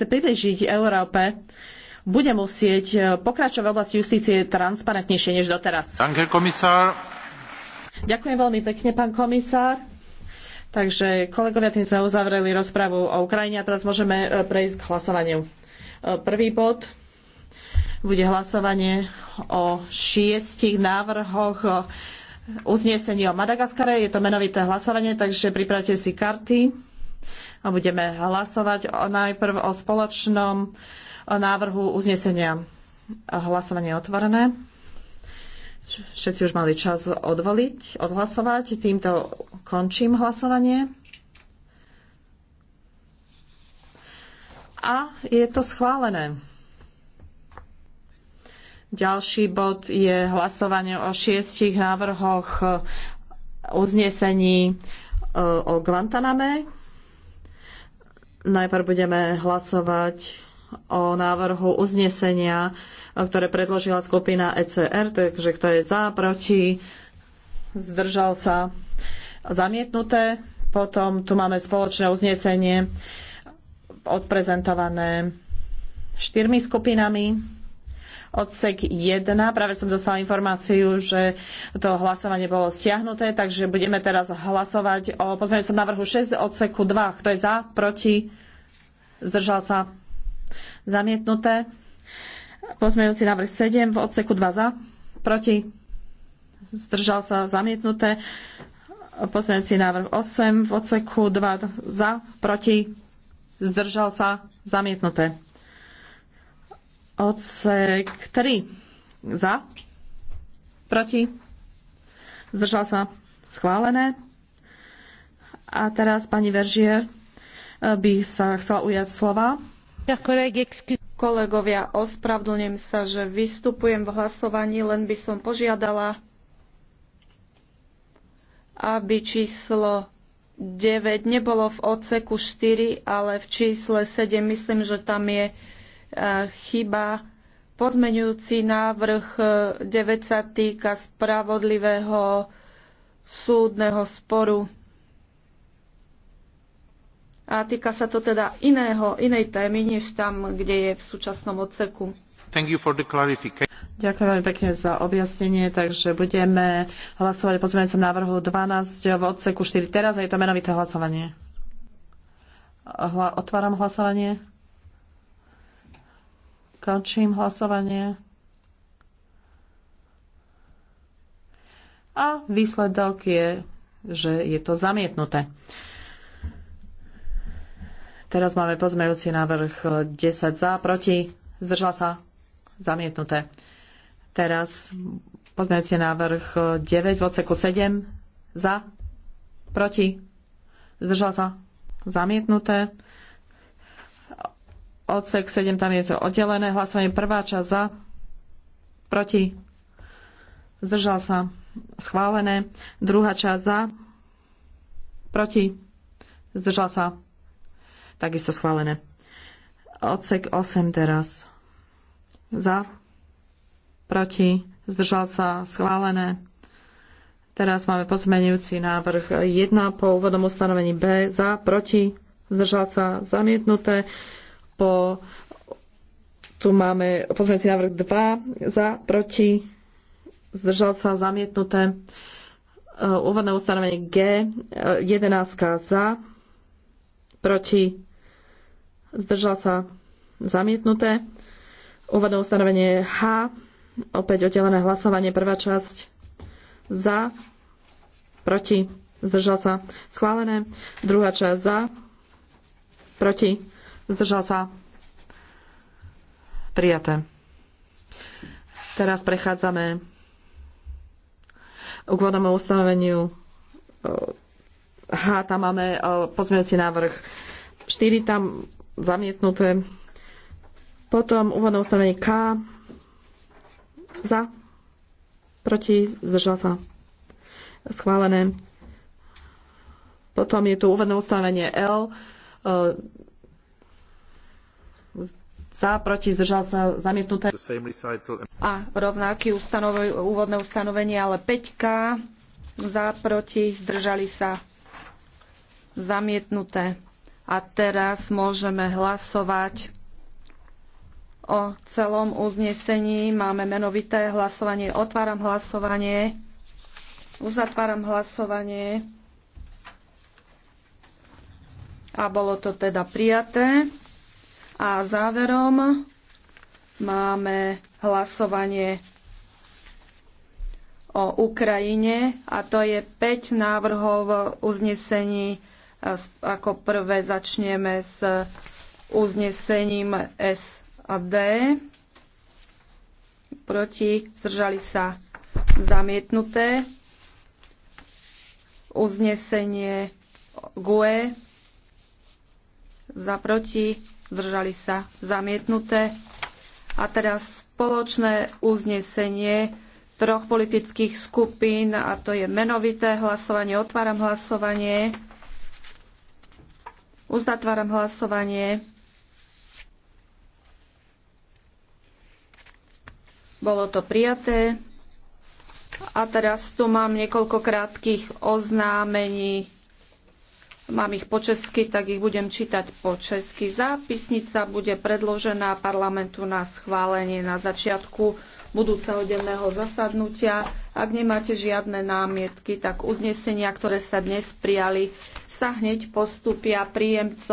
chce priblížiť Európe, bude musieť eh, pokračovať v oblasti justície transparentnejšie než doteraz. Ďakujem veľmi pekne, pán komisár. Takže, kolegovia, tým sme uzavreli rozpravu o Ukrajine a teraz môžeme eh, prejsť k hlasovaniu. Eh, prvý bod bude hlasovanie o šiestich návrhoch uznesení o Madagaskare. Je to menovité hlasovanie, takže pripravte si karty. A budeme hlasovať najprv o spoločnom návrhu uznesenia. Hlasovanie je otvorené. Všetci už mali čas odvoliť, odhlasovať. Týmto končím hlasovanie. A je to schválené. Ďalší bod je hlasovanie o šiestich návrhoch uznesení e, o Guantaname. Najprv budeme hlasovať o návrhu uznesenia, ktoré predložila skupina ECR, takže kto je za, proti, zdržal sa, zamietnuté. Potom tu máme spoločné uznesenie odprezentované štyrmi skupinami odsek 1. Práve som dostala informáciu, že to hlasovanie bolo stiahnuté, takže budeme teraz hlasovať o pozmeňujúcom návrhu 6 odseku 2. Kto je za, proti, zdržal sa zamietnuté. Pozmeňujúci návrh 7 v odseku 2 za, proti, zdržal sa zamietnuté. Pozmeňujúci návrh 8 v odseku 2 za, proti, zdržal sa zamietnuté. Odsek 3. Za. Proti. Zdržal sa. Schválené. A teraz pani Veržier by sa chcela ujať slova. Kolegovia, ospravdlňujem sa, že vystupujem v hlasovaní, len by som požiadala, aby číslo 9 nebolo v odseku 4, ale v čísle 7. Myslím, že tam je chyba. Pozmeňujúci návrh 9 e, sa týka spravodlivého súdneho sporu. A týka sa to teda iného, inej témy, než tam, kde je v súčasnom odseku. Ďakujem veľmi pekne za objasnenie, takže budeme hlasovať o pozmeňujúcom návrhu 12 v odseku 4 teraz je to menovité hlasovanie. Hla, otváram hlasovanie. Končím hlasovanie. A výsledok je, že je to zamietnuté. Teraz máme pozmejúci návrh 10 za, proti, zdržala sa, zamietnuté. Teraz pozmejúci návrh 9 v odseku 7 za, proti, zdržala sa, zamietnuté odsek 7, tam je to oddelené hlasovanie. Prvá časť za, proti, zdržal sa, schválené. Druhá časť za, proti, zdržal sa, takisto schválené. Odsek 8 teraz. Za, proti, zdržal sa, schválené. Teraz máme pozmeňujúci návrh 1 po úvodnom ustanovení B. Za, proti, zdržal sa, zamietnuté po tu máme pozmeňujúci návrh 2 za, proti, zdržal sa, zamietnuté. E, úvodné ustanovenie G, 11 e, za, proti, zdržal sa, zamietnuté. Úvodné ustanovenie H, opäť oddelené hlasovanie, prvá časť za, proti, zdržal sa, schválené. Druhá časť za, proti, Zdržal sa? Prijaté. Teraz prechádzame k vodnému ustanoveniu H, tam máme e, pozmeňujúci návrh 4, tam zamietnuté. Potom úvodné ustanovenie K, za, proti, zdržal sa. Schválené. Potom je tu úvodné ustanovenie L, e, za, proti, zdržal sa, zamietnuté. A rovnaké ustanove, úvodné ustanovenie, ale 5K, za, proti, zdržali sa, zamietnuté. A teraz môžeme hlasovať o celom uznesení. Máme menovité hlasovanie. Otváram hlasovanie. Uzatváram hlasovanie. A bolo to teda prijaté. A záverom máme hlasovanie o Ukrajine a to je 5 návrhov uznesení. Ako prvé začneme s uznesením S a D. Proti zdržali sa zamietnuté. Uznesenie GUE za proti, zdržali sa zamietnuté. A teraz spoločné uznesenie troch politických skupín a to je menovité hlasovanie. Otváram hlasovanie. Uzatváram hlasovanie. Bolo to prijaté. A teraz tu mám niekoľko krátkých oznámení. Mám ich po česky, tak ich budem čítať po česky. Zápisnica bude predložená parlamentu na schválenie na začiatku budúceho denného zasadnutia. Ak nemáte žiadne námietky, tak uznesenia, ktoré sa dnes prijali, sa hneď postupia príjemcom.